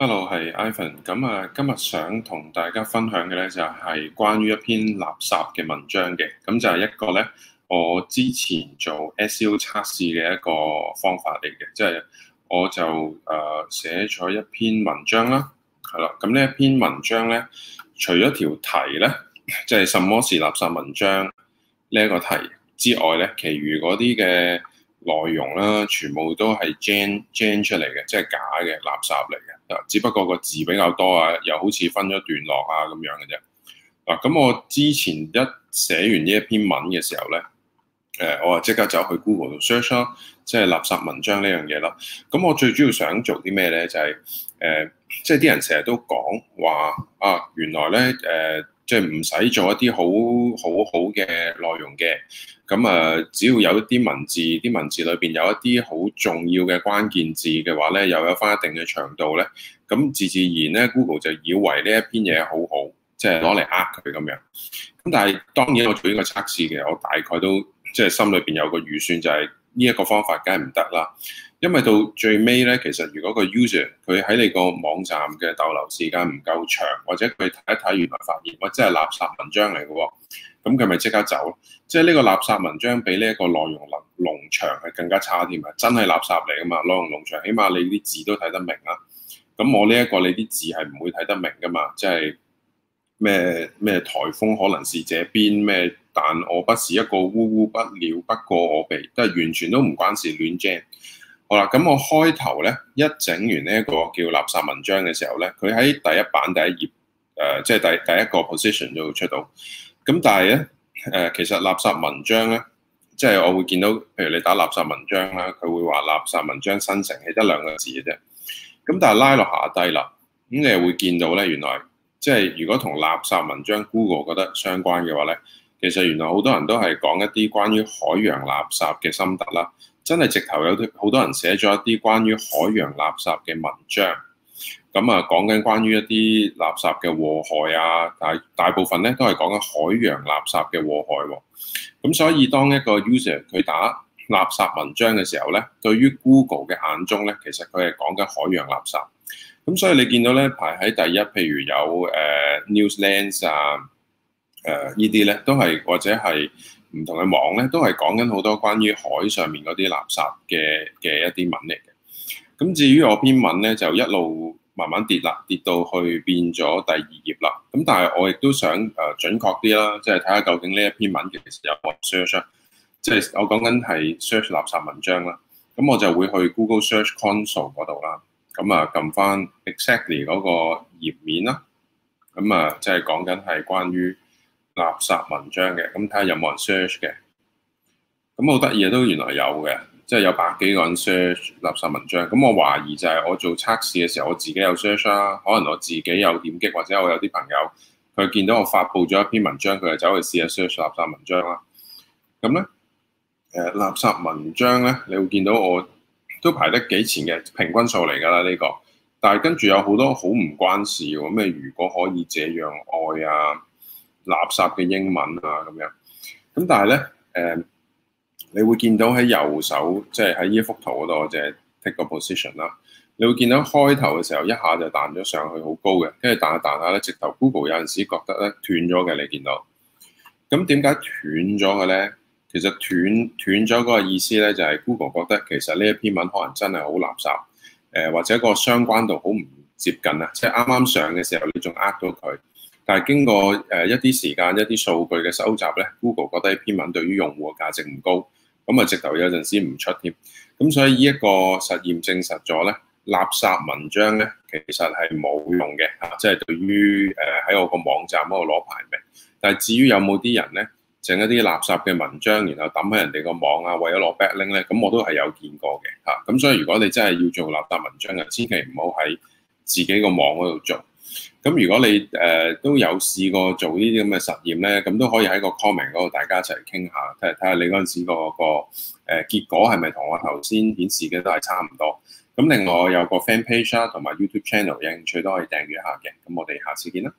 Hello，係 Ivan。咁啊，今日想同大家分享嘅咧，就係關於一篇垃圾嘅文章嘅。咁就係、是、一個咧，我之前做 SEO 測試嘅一個方法嚟嘅。即、就、係、是、我就誒寫咗一篇文章啦，係啦。咁呢一篇文章咧，除咗條題咧、就是，即係什麼是垃圾文章呢一、這個題之外咧，其餘嗰啲嘅內容啦，全部都係 gen gen 出嚟嘅，即係假嘅垃圾嚟嘅。嗱，只不過個字比較多啊，又好似分咗段落啊咁樣嘅啫。嗱，咁我之前一寫完呢一篇文嘅時候咧，誒、呃，我啊即刻走去 Google 度 search 啦，即係垃圾文章呢樣嘢啦。咁我最主要想做啲咩咧？就係、是、誒，即係啲人成日都講話啊，原來咧誒。呃即係唔使做一啲好好好嘅內容嘅，咁啊只要有一啲文字，啲文字裏邊有一啲好重要嘅關鍵字嘅話咧，又有翻一定嘅長度咧，咁自自然咧 Google 就以為呢一篇嘢好好，即係攞嚟呃佢咁樣。咁但係當然我做呢個測試嘅，我大概都即係心裏邊有個預算就係。呢一個方法梗係唔得啦，因為到最尾咧，其實如果個 user 佢喺你個網站嘅逗留時間唔夠長，或者佢睇一睇原來發現我真係垃圾文章嚟嘅喎，咁佢咪即刻走咯。即係呢個垃圾文章比呢一個內容農農場係更加差啲嘛，真係垃圾嚟噶嘛。內容農場，起碼你啲字都睇得明啊。咁我呢、這、一個你啲字係唔會睇得明噶嘛，即係咩咩颱風可能是這邊咩？但我不是一個污污不了，不過我被都係完全都唔關事亂 jam。好啦，咁我開頭咧一整完呢一個叫垃圾文章嘅時候咧，佢喺第一版第一頁，誒，即係第一第一個 position 就出到。咁但係咧，誒，其實垃圾文章咧，即係我會見到，譬如你打垃圾文章啦，佢會話垃圾文章生成係得兩個字嘅啫。咁但係拉落下低啦，咁你又會見到咧，原來即係如果同垃圾文章 Google 覺得相關嘅話咧。其實原來好多人都係講一啲關於海洋垃圾嘅心得啦，真係直頭有啲好多人寫咗一啲關於海洋垃圾嘅文章，咁、嗯、啊講緊關於一啲垃圾嘅禍害啊，但係大部分咧都係講緊海洋垃圾嘅禍害喎、啊。咁、嗯、所以當一個 user 佢打垃圾文章嘅時候咧，對於 Google 嘅眼中咧，其實佢係講緊海洋垃圾。咁、嗯、所以你見到咧排喺第一，譬如有誒、uh, News Lens 啊。誒、uh, 呢啲咧，都係或者係唔同嘅網咧，都係講緊好多關於海上面嗰啲垃圾嘅嘅一啲文嚟嘅。咁至於我篇文咧，就一路慢慢跌啦，跌到去變咗第二頁、呃、啦。咁但係我亦都想誒準確啲啦，即係睇下究竟呢一篇文其實有冇 search，即係我講緊係 search 垃圾文章啦。咁我就會去 Google Search Console 嗰度啦。咁啊，撳翻 exactly 嗰個頁面啦。咁啊，即係、就是、講緊係關於。垃圾文章嘅，咁睇下有冇人 search 嘅，咁好得意都原來有嘅，即係有百幾個人 search 垃圾文章。咁、嗯、我懷疑就係我做測試嘅時候，我自己有 search 啦、啊，可能我自己有點擊，或者我有啲朋友佢見到我發布咗一篇文章，佢就走去試下 search 垃圾文章啦。咁、嗯、咧，誒、嗯、垃圾文章咧，你會見到我都排得幾前嘅平均數嚟㗎啦呢個，但係跟住有好多好唔關事㗎，咩如果可以這樣愛啊？垃圾嘅英文啊，咁樣咁，但係咧，誒、呃，你會見到喺右手，即係喺依一幅圖嗰度，我就係 tick 個 position 啦。你會見到開頭嘅時候一下就彈咗上去好高嘅，跟住彈下彈下咧，直頭 Google 有陣時覺得咧斷咗嘅，你見到。咁點解斷咗嘅咧？其實斷斷咗嗰個意思咧，就係、是、Google 覺得其實呢一篇文可能真係好垃圾，誒、呃，或者個相關度好唔接近啊，即係啱啱上嘅時候你仲呃到佢。但係經過誒一啲時間、一啲數據嘅收集咧，Google 覺得呢篇文對於用戶嘅價值唔高，咁啊直頭有陣時唔出添。咁所以呢一個實驗證實咗咧，垃圾文章咧其實係冇用嘅嚇，即係對於誒喺我個網站嗰度攞排名。但係至於有冇啲人咧整一啲垃圾嘅文章，然後抌喺人哋個網啊，為咗攞 backlink 咧，咁我都係有見過嘅嚇。咁所以如果你真係要做垃圾文章啊，千祈唔好喺自己個網嗰度做。咁如果你誒、呃、都有試過做呢啲咁嘅實驗咧，咁都可以喺個 comment 嗰度大家一齊傾下，睇睇下你嗰陣時個個、呃、結果係咪同我頭先顯示嘅都係差唔多。咁另外有個 fan page 同、啊、埋 YouTube channel，有興趣都可以訂閱下嘅。咁我哋下次見啦。